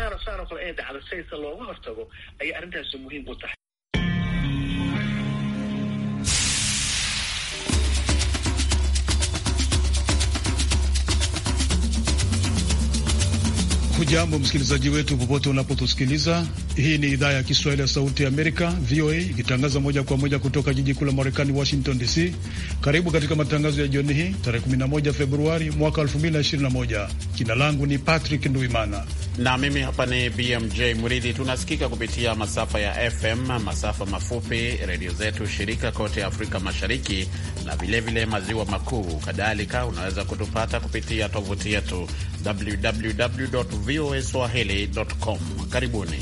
waxaana saan oo kale ee dhacda sayse looga hortago ayay arrintaasi muhiim u tahay Hujambo msikilizaji wetu popote unapotusikiliza. Hii ni idhaa ya Kiswahili ya Sauti ya Amerika, VOA, ikitangaza moja kwa moja kutoka jiji kuu la Marekani, Washington DC. Karibu katika matangazo ya jioni hii tarehe 11 Februari mwaka 2021. Jina langu ni Patrick Nduimana na mimi hapa ni BMJ Mridhi. Tunasikika kupitia masafa ya FM, masafa mafupi, redio zetu shirika kote Afrika Mashariki na vilevile maziwa makuu. Kadhalika unaweza kutupata kupitia tovuti yetu www VOA Swahili.com. Karibuni.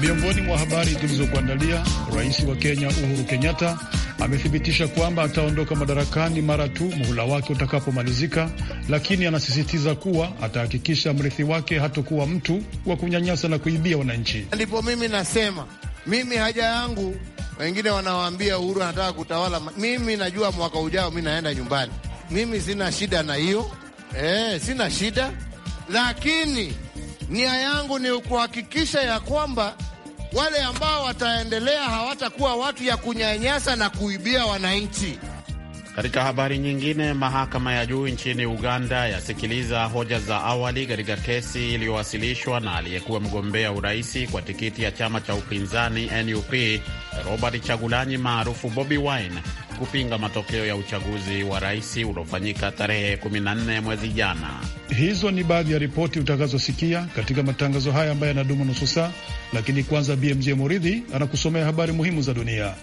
Miongoni mwa habari tulizokuandalia, rais wa Kenya Uhuru Kenyatta amethibitisha kwamba ataondoka madarakani mara tu muhula wake utakapomalizika, lakini anasisitiza kuwa atahakikisha mrithi wake hatokuwa mtu wa kunyanyasa na kuibia wananchi. Ndipo mimi nasema mimi haja yangu, wengine wanawaambia Uhuru anataka kutawala. Mimi najua mwaka ujao mi naenda nyumbani, mimi sina shida na hiyo e, sina shida, lakini nia yangu ni kuhakikisha ya kwamba wale ambao wataendelea hawatakuwa watu ya kunyanyasa na kuibia wananchi. Katika habari nyingine, mahakama ya juu nchini Uganda yasikiliza hoja za awali katika kesi iliyowasilishwa na aliyekuwa mgombea uraisi kwa tikiti ya chama cha upinzani NUP Robert Chagulanyi maarufu Bobi Wine kupinga matokeo ya uchaguzi wa rais uliofanyika tarehe 14 mwezi jana. Hizo ni baadhi ya ripoti utakazosikia katika matangazo haya ambayo yanadumu nusu saa, lakini kwanza BMJ Muridhi anakusomea habari muhimu za dunia.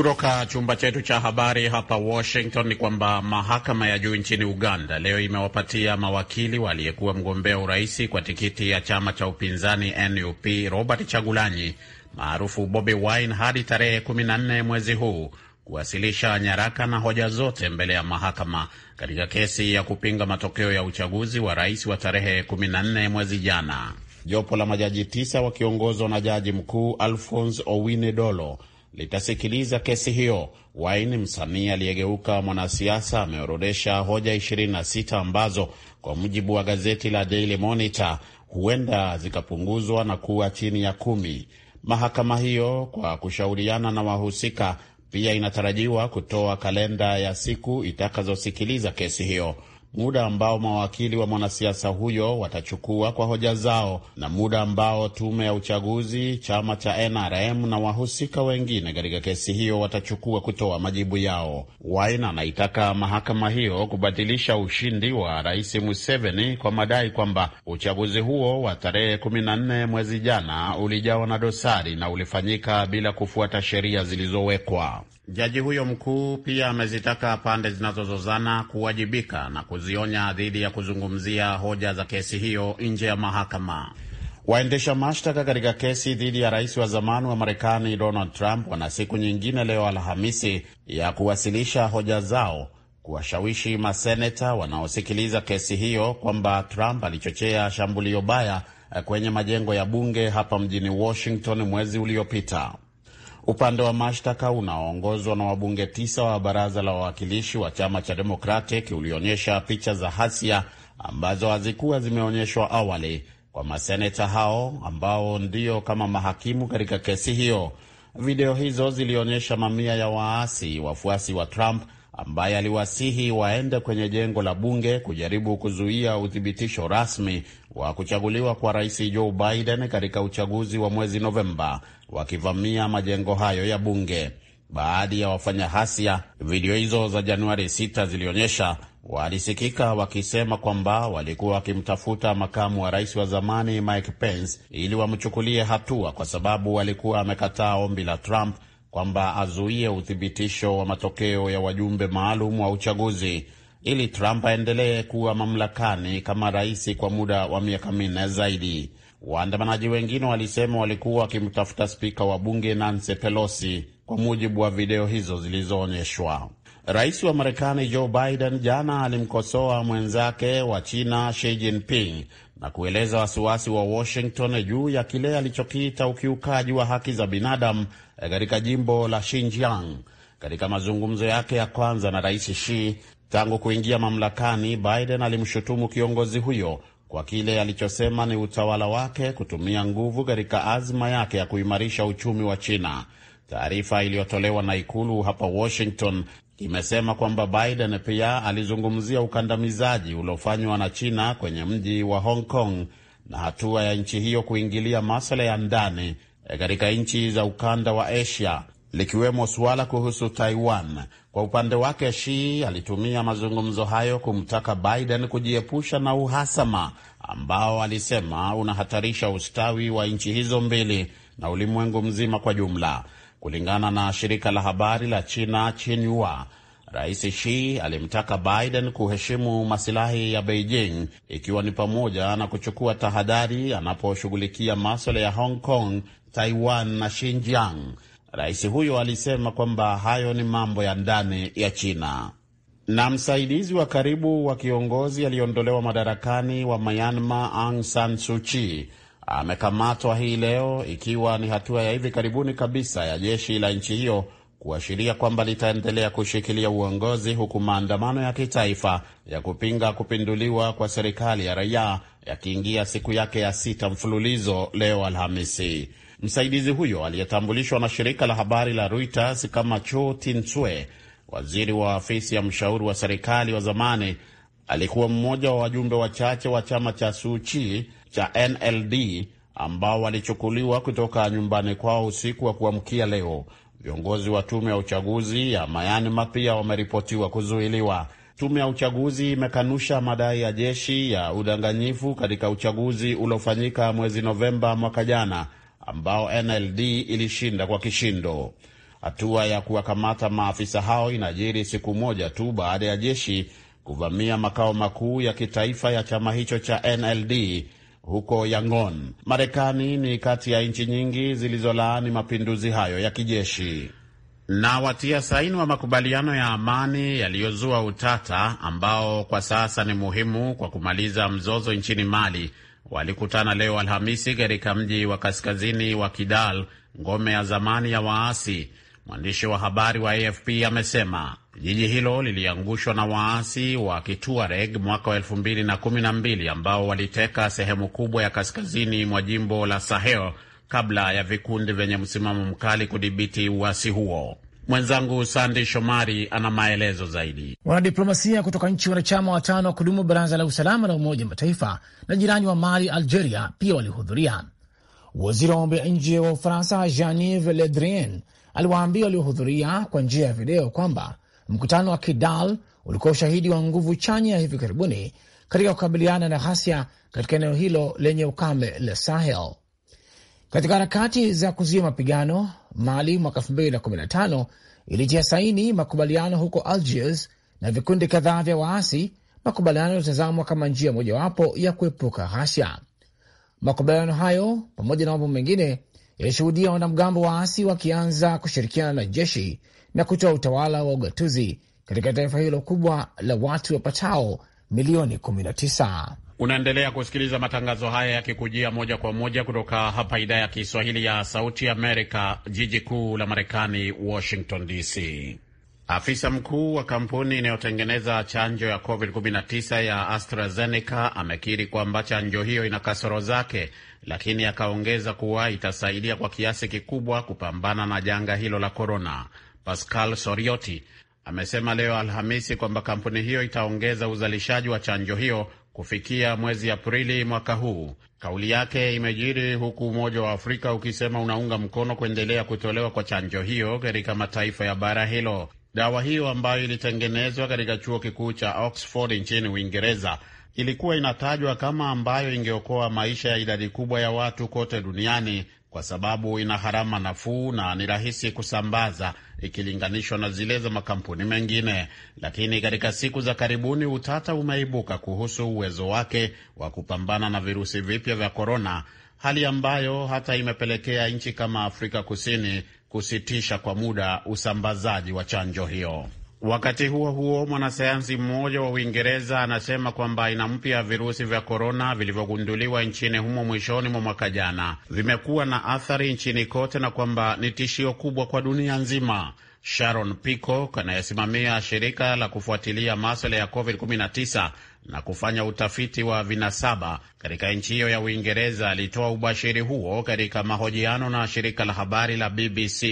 Kutoka chumba chetu cha habari hapa Washington ni kwamba mahakama ya juu nchini Uganda leo imewapatia mawakili waliyekuwa mgombea urais kwa tikiti ya chama cha upinzani NUP Robert Chagulanyi maarufu Bobi Wine hadi tarehe 14 mwezi huu kuwasilisha nyaraka na hoja zote mbele ya mahakama katika kesi ya kupinga matokeo ya uchaguzi wa rais wa tarehe 14 mwezi jana. Jopo la majaji tisa wakiongozwa na jaji mkuu Alphonse Owine Dolo litasikiliza kesi hiyo. Waini, msanii aliyegeuka mwanasiasa, ameorodesha hoja 26 ambazo kwa mujibu wa gazeti la Daily Monitor huenda zikapunguzwa na kuwa chini ya kumi. Mahakama hiyo kwa kushauriana na wahusika pia inatarajiwa kutoa kalenda ya siku itakazosikiliza kesi hiyo muda ambao mawakili wa mwanasiasa huyo watachukua kwa hoja zao na muda ambao tume ya uchaguzi, chama cha NRM na wahusika wengine katika kesi hiyo watachukua kutoa majibu yao. Wain anaitaka mahakama hiyo kubatilisha ushindi wa Rais Museveni kwa madai kwamba uchaguzi huo wa tarehe 14 mwezi jana ulijawa na dosari na ulifanyika bila kufuata sheria zilizowekwa. Jaji huyo mkuu pia amezitaka pande zinazozozana kuwajibika na kuzionya dhidi ya kuzungumzia hoja za kesi hiyo nje ya mahakama. Waendesha mashtaka katika kesi dhidi ya rais wa zamani wa Marekani Donald Trump wana siku nyingine leo Alhamisi ya kuwasilisha hoja zao kuwashawishi maseneta wanaosikiliza kesi hiyo kwamba Trump alichochea shambulio baya kwenye majengo ya bunge hapa mjini Washington mwezi uliopita. Upande wa mashtaka unaoongozwa na wabunge tisa wa baraza la wawakilishi wa chama cha Democratic ulionyesha picha za hasia ambazo hazikuwa zimeonyeshwa awali kwa maseneta hao ambao ndio kama mahakimu katika kesi hiyo. Video hizo zilionyesha mamia ya waasi wafuasi wa Trump ambaye aliwasihi waende kwenye jengo la bunge kujaribu kuzuia uthibitisho rasmi wa kuchaguliwa kwa rais Joe Biden katika uchaguzi wa mwezi Novemba, wakivamia majengo hayo ya bunge. Baadhi ya wafanya hasia, video hizo za Januari 6 zilionyesha walisikika wakisema kwamba walikuwa wakimtafuta makamu wa rais wa zamani Mike Pence ili wamchukulie hatua kwa sababu alikuwa amekataa ombi la Trump kwamba azuie uthibitisho wa matokeo ya wajumbe maalum wa uchaguzi ili Trump aendelee kuwa mamlakani kama rais kwa muda wa miaka minne zaidi. Waandamanaji wengine walisema walikuwa wakimtafuta spika wa bunge Nancy Pelosi, kwa mujibu wa video hizo zilizoonyeshwa. Rais wa Marekani Joe Biden jana alimkosoa mwenzake wa China Xi Jinping na kueleza wasiwasi wa Washington juu ya kile alichokiita ukiukaji wa haki za binadamu eh, katika jimbo la Xinjiang. Katika mazungumzo yake ya kwanza na Rais Xi tangu kuingia mamlakani, Biden alimshutumu kiongozi huyo kwa kile alichosema ni utawala wake kutumia nguvu katika azma yake ya kuimarisha uchumi wa China. Taarifa iliyotolewa na ikulu hapa Washington imesema kwamba Biden pia alizungumzia ukandamizaji uliofanywa na China kwenye mji wa Hong Kong na hatua ya nchi hiyo kuingilia masuala ya ndani eh, katika nchi za ukanda wa Asia likiwemo suala kuhusu Taiwan. Kwa upande wake, shi alitumia mazungumzo hayo kumtaka Biden kujiepusha na uhasama ambao alisema unahatarisha ustawi wa nchi hizo mbili na ulimwengu mzima kwa jumla. Kulingana na shirika la habari la China Xinhua, Rais Xi alimtaka Biden kuheshimu masilahi ya Beijing, ikiwa ni pamoja na kuchukua tahadhari anaposhughulikia maswala ya Hong Kong, Taiwan na Xinjiang. Rais huyo alisema kwamba hayo ni mambo ya ndani ya China. Na msaidizi wa karibu wa kiongozi aliyeondolewa madarakani wa Myanmar, Aung San Suu Kyi amekamatwa hii leo, ikiwa ni hatua ya hivi karibuni kabisa ya jeshi la nchi hiyo kuashiria kwamba litaendelea kushikilia uongozi, huku maandamano ya kitaifa ya kupinga kupinduliwa kwa serikali ya raia yakiingia siku yake ya sita mfululizo leo Alhamisi. Msaidizi huyo aliyetambulishwa na shirika la habari la Reuters kama Cho Tinswe, waziri wa afisi ya mshauri wa serikali wa zamani, alikuwa mmoja wa wajumbe wachache wa chama cha Suchi cha NLD ambao walichukuliwa kutoka nyumbani kwao usiku wa kuamkia leo. Viongozi wa tume ya uchaguzi ya Myanmar pia wameripotiwa kuzuiliwa. Tume ya uchaguzi imekanusha madai ya jeshi ya udanganyifu katika uchaguzi uliofanyika mwezi Novemba mwaka jana ambao NLD ilishinda kwa kishindo. Hatua ya kuwakamata maafisa hao inajiri siku moja tu baada ya jeshi kuvamia makao makuu ya kitaifa ya chama hicho cha NLD huko Yangon. Marekani ni kati ya nchi nyingi zilizolaani mapinduzi hayo ya kijeshi. Na watia saini wa makubaliano ya amani yaliyozua utata ambao kwa sasa ni muhimu kwa kumaliza mzozo nchini Mali walikutana leo Alhamisi katika mji wa kaskazini wa Kidal, ngome ya zamani ya waasi Mwandishi wa habari wa AFP amesema jiji hilo liliangushwa na waasi wa Kituareg mwaka wa elfu mbili na kumi na mbili ambao waliteka sehemu kubwa ya kaskazini mwa jimbo la Sahel kabla ya vikundi vyenye msimamo mkali kudhibiti uasi huo. Mwenzangu Sandi Shomari ana maelezo zaidi. Wanadiplomasia kutoka nchi wanachama watano wa kudumu baraza la usalama la Umoja Mataifa na jirani wa Mali, Algeria, pia walihudhuria. Waziri wa mambo ya nje wa Ufaransa Jean-Yves Le Drian aliwaambia waliohudhuria kwa njia ya video kwamba mkutano wa Kidal ulikuwa ushahidi wa nguvu chanya ya hivi karibuni katika kukabiliana na ghasia katika eneo hilo lenye ukame la Sahel. Katika harakati za kuzuia mapigano, Mali mwaka 2015 ilitia saini makubaliano huko Algiers na vikundi kadhaa vya waasi, makubaliano yalitazamwa kama njia mojawapo ya kuepuka ghasia. Makubaliano hayo pamoja na mambo mengine yalishuhudia wanamgambo waasi wakianza kushirikiana na jeshi na kutoa utawala wa ugatuzi katika taifa hilo kubwa la watu wapatao milioni 19. Unaendelea kusikiliza matangazo haya yakikujia moja kwa moja kutoka hapa idhaa ya Kiswahili ya Sauti Amerika, jiji kuu la Marekani, Washington DC. Afisa mkuu wa kampuni inayotengeneza chanjo ya COVID-19 ya AstraZeneca amekiri kwamba chanjo hiyo ina kasoro zake lakini akaongeza kuwa itasaidia kwa kiasi kikubwa kupambana na janga hilo la korona. Pascal Sorioti amesema leo Alhamisi kwamba kampuni hiyo itaongeza uzalishaji wa chanjo hiyo kufikia mwezi Aprili mwaka huu. Kauli yake imejiri huku Umoja wa Afrika ukisema unaunga mkono kuendelea kutolewa kwa chanjo hiyo katika mataifa ya bara hilo. Dawa hiyo ambayo ilitengenezwa katika chuo kikuu cha Oxford nchini Uingereza ilikuwa inatajwa kama ambayo ingeokoa maisha ya idadi kubwa ya watu kote duniani kwa sababu ina gharama nafuu na ni rahisi kusambaza ikilinganishwa na zile za makampuni mengine. Lakini katika siku za karibuni utata umeibuka kuhusu uwezo wake wa kupambana na virusi vipya vya korona, hali ambayo hata imepelekea nchi kama Afrika Kusini kusitisha kwa muda usambazaji wa chanjo hiyo. Wakati huo huo, mwanasayansi mmoja wa Uingereza anasema kwamba aina mpya ya virusi vya korona vilivyogunduliwa nchini humo mwishoni mwa mwaka jana vimekuwa na athari nchini kote na kwamba ni tishio kubwa kwa dunia nzima. Sharon Pico anayesimamia shirika la kufuatilia maswala ya COVID-19 na kufanya utafiti wa vinasaba katika nchi hiyo ya Uingereza alitoa ubashiri huo katika mahojiano na shirika la habari la BBC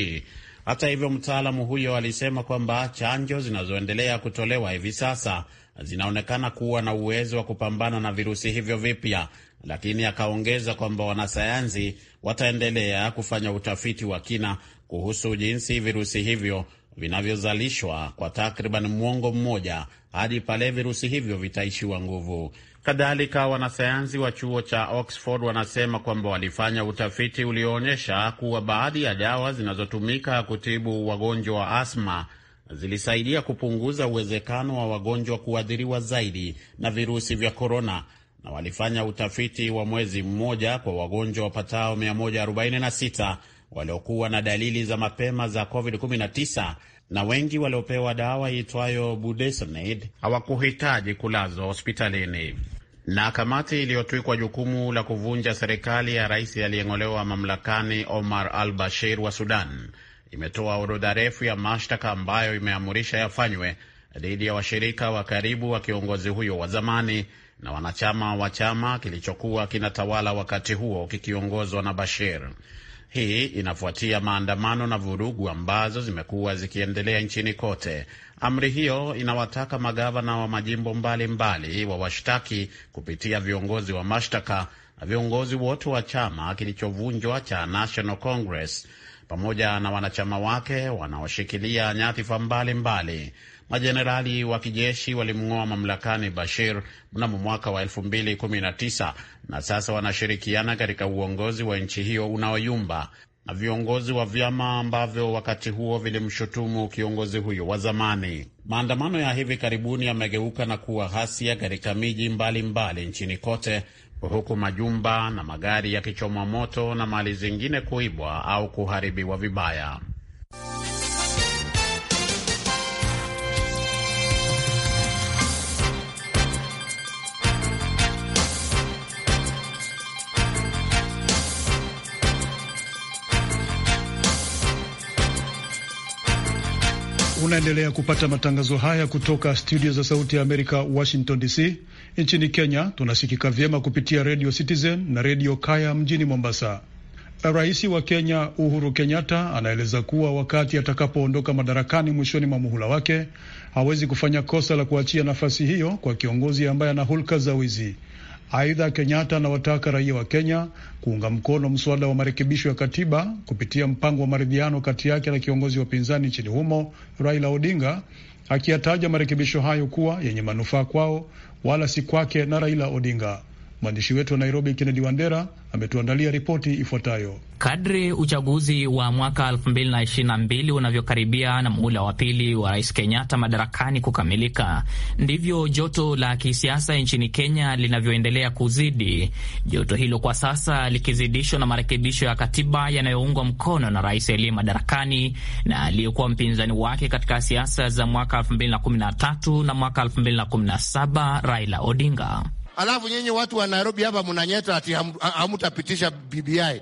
hata hivyo, mtaalamu huyo alisema kwamba chanjo zinazoendelea kutolewa hivi sasa zinaonekana kuwa na uwezo wa kupambana na virusi hivyo vipya, lakini akaongeza kwamba wanasayansi wataendelea kufanya utafiti wa kina kuhusu jinsi virusi hivyo vinavyozalishwa kwa takriban mwongo mmoja hadi pale virusi hivyo vitaishiwa nguvu. Kadhalika, wanasayansi wa chuo cha Oxford wanasema kwamba walifanya utafiti ulioonyesha kuwa baadhi ya dawa zinazotumika kutibu wagonjwa wa asma zilisaidia kupunguza uwezekano wa wagonjwa kuathiriwa zaidi na virusi vya korona, na walifanya utafiti wa mwezi mmoja kwa wagonjwa wapatao 146 waliokuwa na dalili za mapema za COVID-19 na wengi waliopewa dawa iitwayo budesonide hawakuhitaji kulazwa hospitalini. Na kamati iliyotwikwa jukumu la kuvunja serikali ya rais aliyeng'olewa mamlakani Omar al Bashir wa Sudan imetoa orodha refu ya mashtaka ambayo imeamurisha yafanywe dhidi ya washirika wa karibu wa kiongozi huyo wa zamani na wanachama wa chama kilichokuwa kinatawala wakati huo kikiongozwa na Bashir. Hii inafuatia maandamano na vurugu ambazo zimekuwa zikiendelea nchini kote. Amri hiyo inawataka magavana wa majimbo mbalimbali wa washtaki kupitia viongozi wa mashtaka na viongozi wote wa chama kilichovunjwa cha National Congress pamoja na wanachama wake wanaoshikilia nyadhifa mbalimbali Majenerali wa kijeshi walimng'oa mamlakani Bashir mnamo mwaka wa 2019 na sasa wanashirikiana katika uongozi wa nchi hiyo unaoyumba na viongozi wa vyama ambavyo wakati huo vilimshutumu kiongozi huyo wa zamani. Maandamano ya hivi karibuni yamegeuka na kuwa ghasia katika miji mbalimbali nchini kote, huku majumba na magari yakichomwa moto na mali zingine kuibwa au kuharibiwa vibaya. Unaendelea kupata matangazo haya kutoka studio za Sauti ya Amerika, Washington DC. Nchini Kenya tunasikika vyema kupitia redio Citizen na redio Kaya mjini Mombasa. Rais wa Kenya Uhuru Kenyatta anaeleza kuwa wakati atakapoondoka madarakani mwishoni mwa muhula wake hawezi kufanya kosa la kuachia nafasi hiyo kwa kiongozi ambaye ana hulka za wizi. Aidha, Kenyatta anawataka raia wa Kenya kuunga mkono mswada wa marekebisho ya katiba kupitia mpango wa maridhiano kati yake na kiongozi wa upinzani nchini humo Raila Odinga, akiyataja marekebisho hayo kuwa yenye manufaa kwao wala si kwake na Raila Odinga. Mwandishi wetu wa Nairobi, Kennedy Wandera, ametuandalia ripoti ifuatayo. Kadri uchaguzi wa mwaka 2022 unavyokaribia na muhula wa pili wa Rais Kenyatta madarakani kukamilika, ndivyo joto la kisiasa nchini Kenya linavyoendelea kuzidi, joto hilo kwa sasa likizidishwa na marekebisho ya katiba yanayoungwa mkono na rais aliye madarakani na aliyekuwa mpinzani wake katika siasa za mwaka 2013 na mwaka 2017, Raila Odinga alafu nyinyi watu wa Nairobi hapa mnanyeta ati hamutapitisha BBI.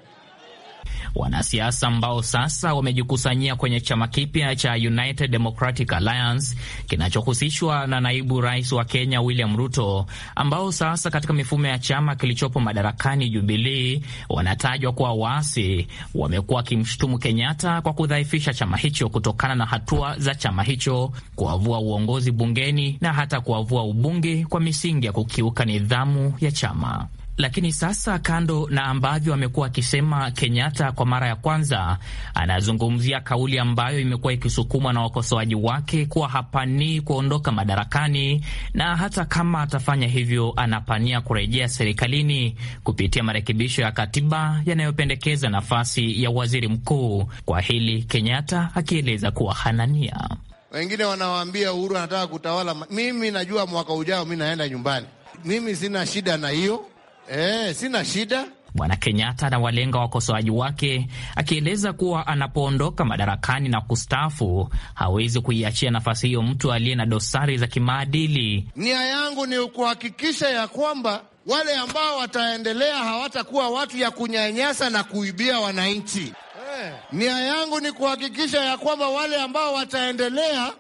Wanasiasa ambao sasa wamejikusanyia kwenye chama kipya cha United Democratic Alliance kinachohusishwa na naibu rais wa Kenya William Ruto, ambao sasa katika mifumo ya chama kilichopo madarakani Jubilee wanatajwa kuwa waasi, wamekuwa wakimshutumu Kenyatta kwa kudhaifisha chama hicho kutokana na hatua za chama hicho kuwavua uongozi bungeni na hata kuwavua ubunge kwa misingi ya kukiuka nidhamu ya chama. Lakini sasa kando na ambavyo amekuwa akisema Kenyatta, kwa mara ya kwanza anazungumzia kauli ambayo imekuwa ikisukumwa na wakosoaji wake kuwa hapanii kuondoka madarakani, na hata kama atafanya hivyo, anapania kurejea serikalini kupitia marekebisho ya katiba yanayopendekeza nafasi ya waziri mkuu. Kwa hili Kenyatta akieleza kuwa hanania Wengine wanawaambia Uhuru anataka kutawala. Mimi najua mwaka ujao mi naenda nyumbani, mimi sina shida na hiyo Eh, sina shida. Bwana Kenyatta anawalenga wakosoaji wake akieleza kuwa anapoondoka madarakani na kustaafu hawezi kuiachia nafasi hiyo mtu aliye na dosari za kimaadili. Nia yangu ni kuhakikisha ya kwamba wale ambao wataendelea hawatakuwa watu ya kunyanyasa na kuibia wananchi. Eh. Nia yangu ni kuhakikisha ya kwamba wale ambao wataendelea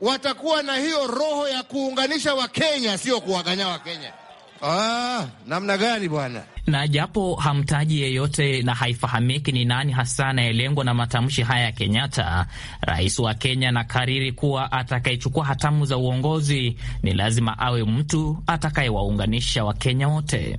watakuwa na hiyo roho ya kuunganisha Wakenya, sio kuwaganya Wakenya. Ah, namna gani bwana? Na japo hamtaji yeyote na haifahamiki ni nani hasa anayelengwa na matamshi haya ya Kenyatta, rais wa Kenya na kariri kuwa atakayechukua hatamu za uongozi ni lazima awe mtu atakayewaunganisha Wakenya wote.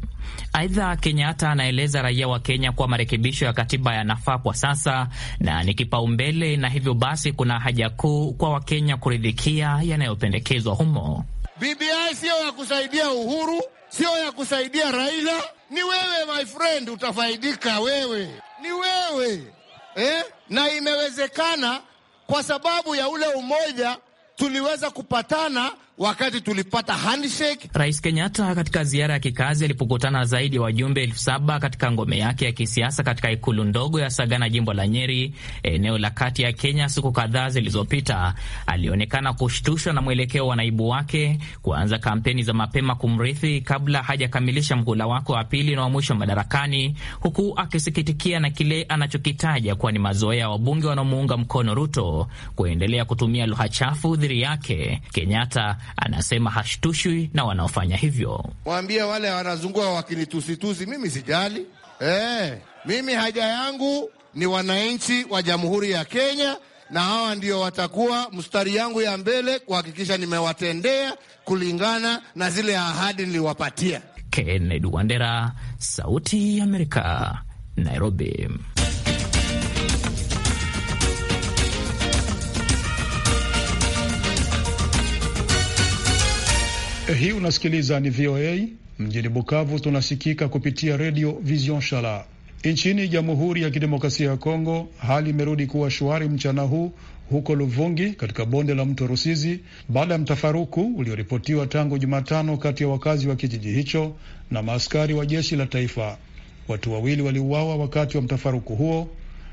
Aidha, Kenyatta anaeleza raia wa Kenya kuwa marekebisho ya katiba yanafaa kwa sasa na ni kipaumbele, na hivyo basi kuna haja kuu kwa Wakenya kuridhikia yanayopendekezwa humo. BBI siyo ya kusaidia Uhuru, siyo ya kusaidia Raila. Ni wewe my friend, utafaidika wewe, ni wewe eh? Na imewezekana kwa sababu ya ule umoja tuliweza kupatana wakati tulipata handshake. Rais Kenyatta katika ziara ya kikazi alipokutana zaidi ya wajumbe elfu saba katika ngome yake ya kisiasa katika ikulu ndogo ya Sagana, jimbo la Nyeri, eneo la kati ya Kenya, siku kadhaa zilizopita, alionekana kushtushwa na mwelekeo wa naibu wake kuanza kampeni za mapema kumrithi kabla hajakamilisha mhula wake wa pili na wa mwisho madarakani, huku akisikitikia na kile anachokitaja kuwa ni mazoea ya wabunge wanaomuunga mkono Ruto kuendelea kutumia lugha chafu dhidi yake. Kenyatta anasema hashtushwi na wanaofanya hivyo. Waambia wale wanazungua wakinitusitusi, mimi sijali eh, mimi haja yangu ni wananchi wa Jamhuri ya Kenya na hawa ndio watakuwa mstari yangu ya mbele kuhakikisha nimewatendea kulingana na zile ahadi niliwapatia. Kennedy Wandera, Sauti ya Amerika, Nairobi. Eh, hii unasikiliza ni VOA mjini Bukavu, tunasikika kupitia redio Vision Shala. Nchini Jamhuri ya Kidemokrasia ya Kongo hali imerudi kuwa shwari mchana huu huko Luvungi katika bonde la mto Rusizi baada ya mtafaruku ulioripotiwa tangu Jumatano kati ya wakazi wa kijiji hicho na maaskari wa jeshi la taifa. Watu wawili waliuawa wakati wa mtafaruku huo.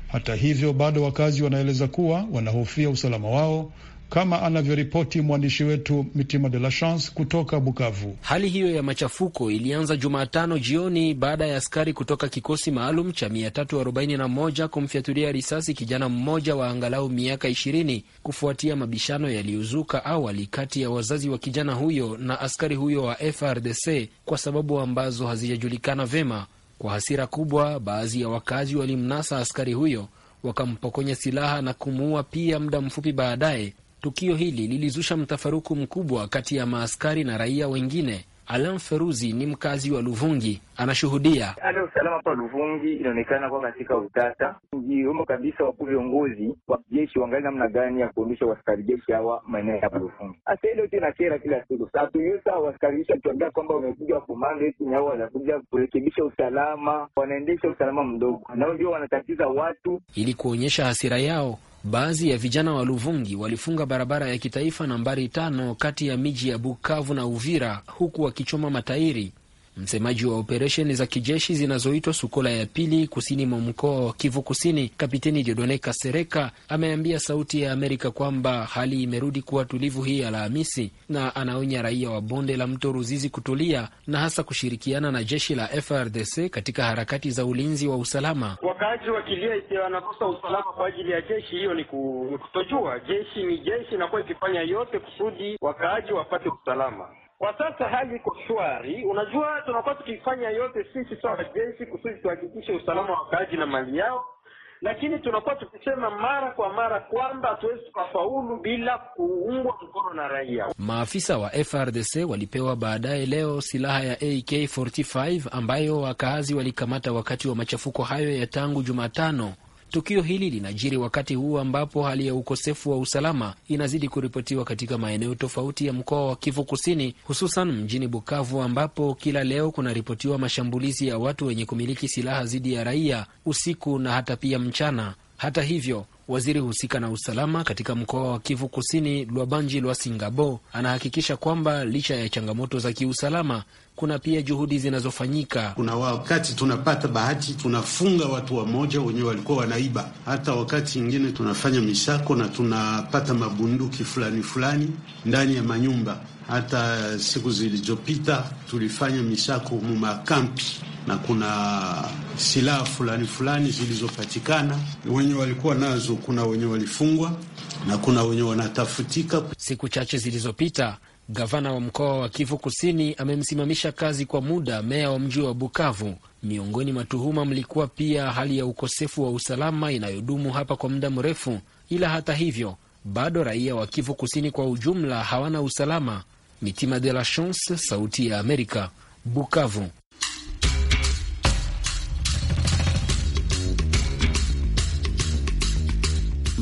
Hata hivyo, bado wakazi wanaeleza kuwa wanahofia usalama wao kama anavyoripoti mwandishi wetu Mitima de la Chance kutoka Bukavu. Hali hiyo ya machafuko ilianza Jumatano jioni baada ya askari kutoka kikosi maalum cha 341 kumfyatulia risasi kijana mmoja wa angalau miaka 20 kufuatia mabishano yaliyozuka awali kati ya wazazi wa kijana huyo na askari huyo wa FRDC kwa sababu ambazo hazijajulikana vema. Kwa hasira kubwa, baadhi ya wakazi walimnasa askari huyo wakampokonya silaha na kumuua pia muda mfupi baadaye Tukio hili lilizusha mtafaruku mkubwa kati ya maaskari na raia wengine. Alan Feruzi ni mkazi wa Luvungi, anashuhudia. Hali ya usalama hapa Luvungi inaonekana kuwa katika utata. Niomba kabisa wakuu viongozi wa jeshi wangali namna gani ya kuondosha waskari jeshi hawa maeneo ya Luvungi. Hasa ile yote kera kila siku. satuyusa waskari jeshi tuambia kwamba wamekuja komando eti nao wanakuja kurekebisha usalama, wanaendesha usalama mdogo, nao ndio wanatatiza watu ili kuonyesha hasira yao. Baadhi ya vijana wa Luvungi walifunga barabara ya kitaifa nambari tano kati ya miji ya Bukavu na Uvira, huku wakichoma matairi Msemaji wa operesheni za kijeshi zinazoitwa Sukola ya pili kusini mwa mkoa wa Kivu Kusini, Kapiteni Jodone Kasereka ameambia Sauti ya Amerika kwamba hali imerudi kuwa tulivu hii Alhamisi, na anaonya raia wa bonde la mto Ruzizi kutulia na hasa kushirikiana na jeshi la FRDC katika harakati za ulinzi wa usalama. Wakaaji wakilia eti wanakosa usalama kwa ajili ya jeshi, hiyo ni kutojua jeshi ni jeshi, inakuwa ikifanya yote kusudi wakaaji wapate usalama. Kwa sasa hali iko shwari. Unajua, tunakuwa tukifanya yote sisi sawa jeshi kusudi tuhakikishe usalama wa wakaaji na mali yao, lakini tunakuwa tukisema mara kwa mara kwamba hatuwezi tukafaulu bila kuungwa mkono na raia. Maafisa wa FRDC walipewa baadaye leo silaha ya AK45 ambayo wakaazi walikamata wakati wa machafuko hayo ya tangu Jumatano. Tukio hili linajiri wakati huu ambapo hali ya ukosefu wa usalama inazidi kuripotiwa katika maeneo tofauti ya mkoa wa Kivu Kusini, hususan mjini Bukavu ambapo kila leo kunaripotiwa mashambulizi ya watu wenye kumiliki silaha dhidi ya raia usiku na hata pia mchana. Hata hivyo, waziri husika na usalama katika mkoa wa Kivu Kusini, Lwabanji Lwa Singabo, anahakikisha kwamba licha ya changamoto za kiusalama kuna pia juhudi zinazofanyika. Kuna wakati tunapata bahati, tunafunga watu wamoja wenyewe walikuwa wanaiba. Hata wakati ingine tunafanya misako na tunapata mabunduki fulani fulani ndani ya manyumba. Hata siku zilizopita tulifanya misako mumakampi na kuna silaha fulani fulani zilizopatikana. Wenye walikuwa nazo, kuna wenye walifungwa na kuna wenye wanatafutika. Siku chache zilizopita, gavana wa mkoa wa Kivu Kusini amemsimamisha kazi kwa muda meya wa mji wa Bukavu. Miongoni mwa tuhuma mlikuwa pia hali ya ukosefu wa usalama inayodumu hapa kwa muda mrefu, ila hata hivyo bado raia wa Kivu Kusini kwa ujumla hawana usalama. Mitima de la Chance, Sauti ya Amerika, Bukavu.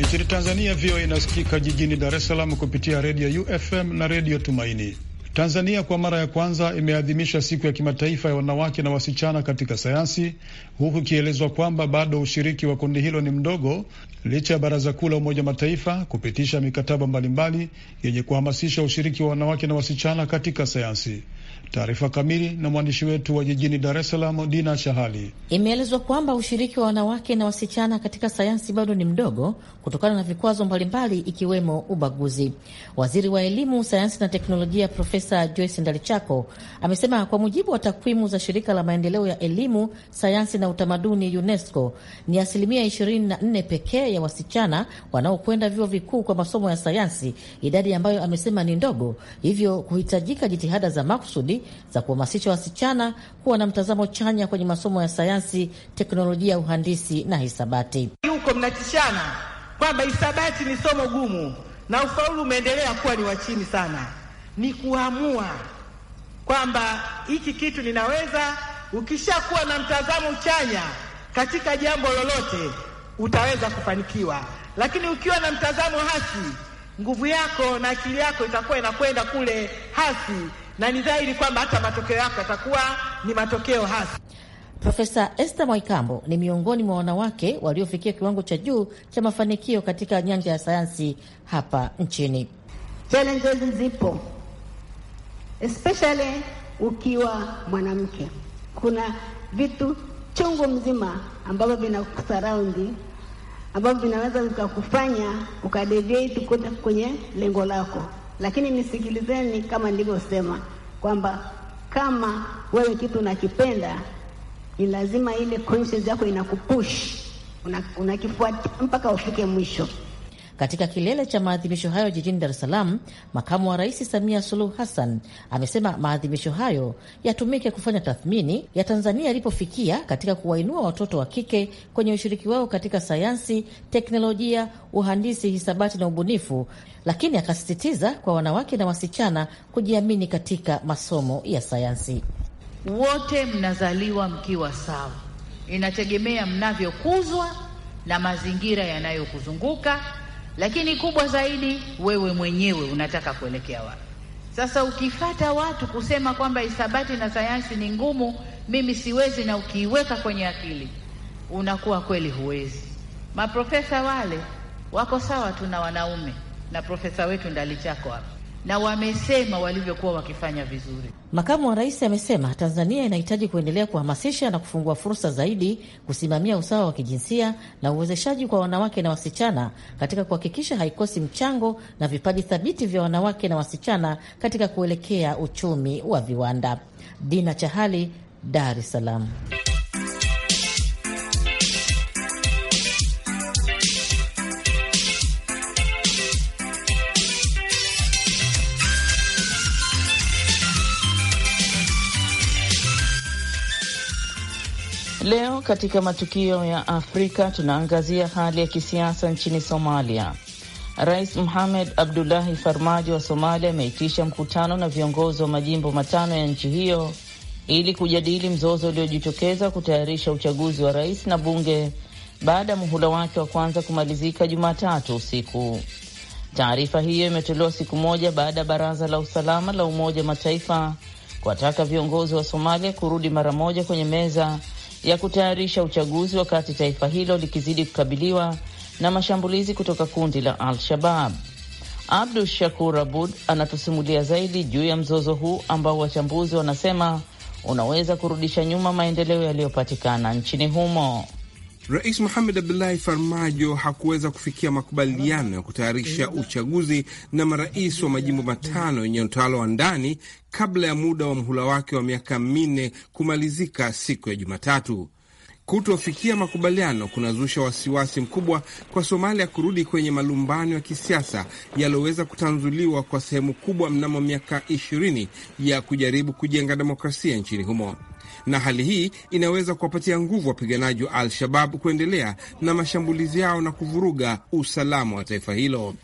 Nchini Tanzania, VOA inasikika jijini Dar es Salaam kupitia redio UFM na redio Tumaini. Tanzania kwa mara ya kwanza imeadhimisha siku ya kimataifa ya wanawake na wasichana katika sayansi huku ikielezwa kwamba bado ushiriki wa kundi hilo ni mdogo licha ya Baraza Kuu la Umoja Mataifa kupitisha mikataba mbalimbali yenye kuhamasisha ushiriki wa wanawake na wasichana katika sayansi. Taarifa kamili na mwandishi wetu wa jijini Dar es Salaam, Dina Shahali. Imeelezwa kwamba ushiriki wa wanawake na wasichana katika sayansi bado ni mdogo kutokana na vikwazo mbalimbali ikiwemo ubaguzi. Waziri wa Elimu, Sayansi na Teknolojia Profesa Joyce Ndalichako amesema kwa mujibu wa takwimu za Shirika la Maendeleo ya Elimu, Sayansi na utamaduni UNESCO, ni asilimia 24 pekee ya wasichana wanaokwenda vyuo vikuu kwa masomo ya sayansi, idadi ambayo amesema ni ndogo, hivyo kuhitajika jitihada za makusudi za kuhamasisha wasichana kuwa na mtazamo chanya kwenye masomo ya sayansi, teknolojia, uhandisi na hisabati. Yuko mnatishana kwamba hisabati ni somo gumu na ufaulu umeendelea kuwa ni wa chini sana, ni kuamua kwamba hiki kitu ninaweza Ukishakuwa na mtazamo chanya katika jambo lolote, utaweza kufanikiwa. Lakini ukiwa na mtazamo hasi, nguvu yako na akili yako itakuwa inakwenda kule hasi, na ni dhahiri kwamba hata matokeo yako yatakuwa ni matokeo hasi. Profesa Esther Mwaikambo ni miongoni mwa wanawake waliofikia kiwango cha juu cha mafanikio katika nyanja ya sayansi hapa nchini. Challenges zipo especially ukiwa mwanamke kuna vitu chungu mzima ambavyo vinakusaraundi ambavyo vinaweza vikakufanya ukadeviate kwenda kwenye lengo lako, lakini nisikilizeni, kama nilivyosema kwamba kama wewe kitu unakipenda ni lazima ile conscience yako inakupush unakifuata una mpaka ufike mwisho. Katika kilele cha maadhimisho hayo jijini Dar es Salaam, makamu wa rais Samia Suluhu Hassan amesema maadhimisho hayo yatumike kufanya tathmini ya Tanzania ilipofikia katika kuwainua watoto wa kike kwenye ushiriki wao katika sayansi, teknolojia, uhandisi, hisabati na ubunifu, lakini akasisitiza kwa wanawake na wasichana kujiamini katika masomo ya sayansi. Wote mnazaliwa mkiwa sawa, inategemea mnavyokuzwa na mazingira yanayokuzunguka lakini kubwa zaidi, wewe mwenyewe unataka kuelekea wapi? Sasa ukifata watu kusema kwamba hisabati na sayansi ni ngumu, mimi siwezi, na ukiiweka kwenye akili unakuwa kweli huwezi. Maprofesa wale wako sawa tu na wanaume, na profesa wetu Ndalichako hapa na wamesema walivyokuwa wakifanya vizuri. Makamu wa rais amesema Tanzania inahitaji kuendelea kuhamasisha na kufungua fursa zaidi, kusimamia usawa wa kijinsia na uwezeshaji kwa wanawake na wasichana katika kuhakikisha haikosi mchango na vipaji thabiti vya wanawake na wasichana katika kuelekea uchumi wa viwanda. Dina Chahali, Dar es Salaam. Leo katika matukio ya Afrika tunaangazia hali ya kisiasa nchini Somalia. Rais Mohamed Abdullahi Farmajo wa Somalia ameitisha mkutano na viongozi wa majimbo matano ya nchi hiyo ili kujadili mzozo uliojitokeza kutayarisha uchaguzi wa rais na bunge baada ya muhula wake wa kwanza kumalizika Jumatatu usiku. Taarifa hiyo imetolewa siku moja baada ya baraza la usalama la Umoja Mataifa kuwataka viongozi wa Somalia kurudi mara moja kwenye meza ya kutayarisha uchaguzi wakati taifa hilo likizidi kukabiliwa na mashambulizi kutoka kundi la Al-Shabab. Abdu Shakur Abud anatusimulia zaidi juu ya mzozo huu ambao wachambuzi wanasema unaweza kurudisha nyuma maendeleo yaliyopatikana nchini humo. Rais muhamed Abdullahi Farmajo hakuweza kufikia makubaliano ya kutayarisha uchaguzi na marais wa majimbo matano yenye utawala wa ndani kabla ya muda wa mhula wake wa miaka minne kumalizika siku ya Jumatatu. Kutofikia makubaliano kunazusha wasiwasi mkubwa kwa Somalia kurudi kwenye malumbano ya kisiasa yaliyoweza kutanzuliwa kwa sehemu kubwa mnamo miaka ishirini ya kujaribu kujenga demokrasia nchini humo na hali hii inaweza kuwapatia nguvu wapiganaji wa Al-Shabab kuendelea na mashambulizi yao na kuvuruga usalama wa taifa hilo.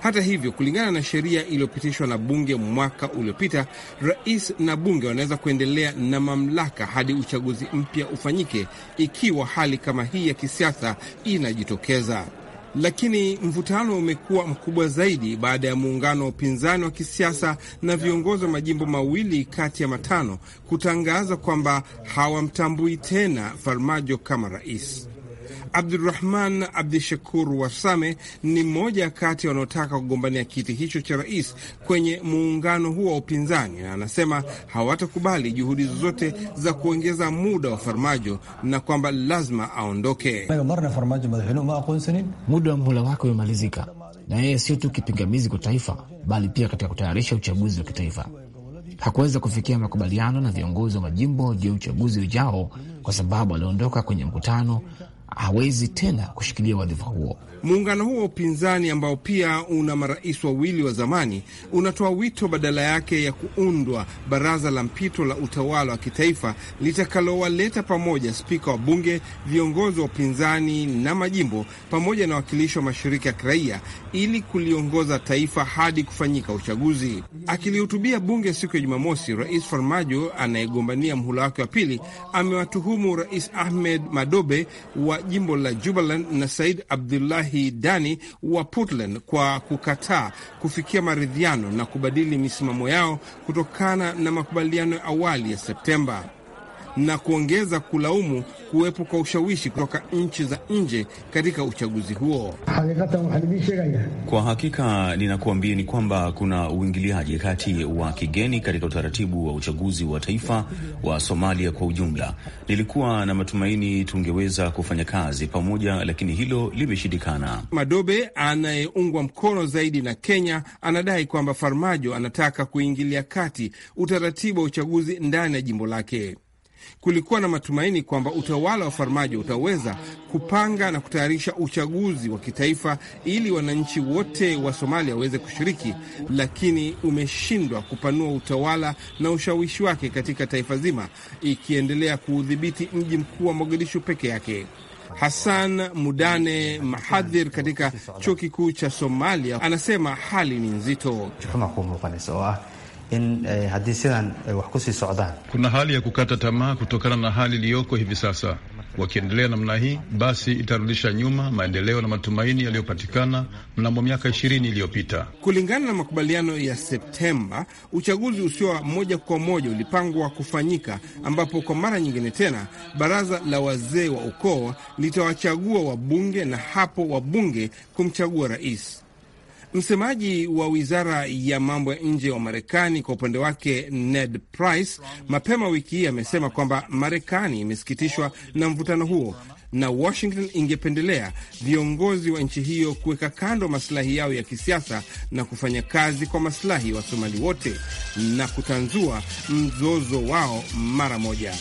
Hata hivyo, kulingana na sheria iliyopitishwa na bunge mwaka uliopita, rais na bunge wanaweza kuendelea na mamlaka hadi uchaguzi mpya ufanyike, ikiwa hali kama hii ya kisiasa inajitokeza lakini mvutano umekuwa mkubwa zaidi baada ya muungano wa upinzani wa kisiasa na viongozi wa majimbo mawili kati ya matano kutangaza kwamba hawamtambui tena Farmajo kama rais. Abdurahman Abdishakur Wasame ni mmoja kati wanaotaka kugombania kiti hicho cha rais kwenye muungano huo wa upinzani, na anasema hawatakubali juhudi zozote za kuongeza muda wa Farmajo na kwamba lazima aondoke. Muda wa muhula wake umemalizika, na yeye sio tu kipingamizi kwa taifa, bali pia katika kutayarisha uchaguzi wa kitaifa. Hakuweza kufikia makubaliano na viongozi wa majimbo juu ya uchaguzi ujao kwa sababu aliondoka kwenye mkutano hawezi tena kushikilia wadhifa huo. Muungano huo wa upinzani ambao pia una marais wawili wa zamani unatoa wito badala yake ya kuundwa baraza la mpito la utawala wa kitaifa litakalowaleta pamoja spika wa bunge, viongozi wa upinzani na majimbo, pamoja na wawakilishi wa mashirika ya kiraia ili kuliongoza taifa hadi kufanyika uchaguzi. Akilihutubia bunge siku ya Jumamosi, Rais Farmajo anayegombania mhula wake wa pili amewatuhumu Rais Ahmed Madobe wa jimbo la Jubaland na Said Abdullahi wahidani wa Puntland kwa kukataa kufikia maridhiano na kubadili misimamo yao kutokana na makubaliano ya awali ya Septemba na kuongeza kulaumu kuwepo kwa ushawishi kutoka nchi za nje katika uchaguzi huo. Kwa hakika ninakuambia ni kwamba kuna uingiliaji kati wa kigeni katika utaratibu wa uchaguzi wa taifa wa Somalia kwa ujumla. Nilikuwa na matumaini tungeweza kufanya kazi pamoja, lakini hilo limeshindikana. Madobe anayeungwa mkono zaidi na Kenya anadai kwamba Farmajo anataka kuingilia kati utaratibu wa uchaguzi ndani ya jimbo lake. Kulikuwa na matumaini kwamba utawala wa Farmajo utaweza kupanga na kutayarisha uchaguzi wa kitaifa ili wananchi wote wa Somalia waweze kushiriki, lakini umeshindwa kupanua utawala na ushawishi wake katika taifa zima, ikiendelea kuudhibiti mji mkuu wa Mogadishu peke yake. Hassan Mudane, mhadhir katika chuo kikuu cha Somalia, anasema hali ni nzito in eh, hadii sidan eh, wax kusii socdaan kuna hali ya kukata tamaa kutokana na hali iliyoko hivi sasa. Wakiendelea namna hii, basi itarudisha nyuma maendeleo na matumaini yaliyopatikana mnamo miaka ishirini iliyopita. Kulingana na makubaliano ya Septemba, uchaguzi usio wa moja kwa moja ulipangwa kufanyika, ambapo kwa mara nyingine tena baraza la wazee wa ukoo litawachagua wabunge na hapo wabunge kumchagua rais. Msemaji wa wizara ya mambo ya nje wa Marekani kwa upande wake Ned Price mapema wiki hii amesema kwamba Marekani imesikitishwa na mvutano huo na Washington ingependelea viongozi wa nchi hiyo kuweka kando masilahi yao ya kisiasa na kufanya kazi kwa masilahi ya Somali wote na kutanzua mzozo wao mara moja.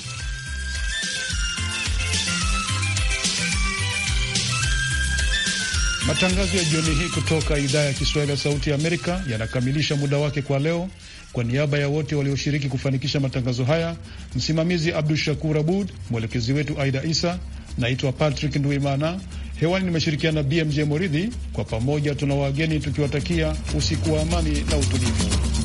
Matangazo ya jioni hii kutoka idhaa ya Kiswahili ya Sauti ya Amerika yanakamilisha muda wake kwa leo. Kwa niaba ya wote walioshiriki kufanikisha matangazo haya, msimamizi Abdu Shakur Abud, mwelekezi wetu Aida Isa. Naitwa Patrick Ndwimana, hewani nimeshirikiana BMJ Moridhi. Kwa pamoja tuna wageni tukiwatakia usiku wa amani na utulivu.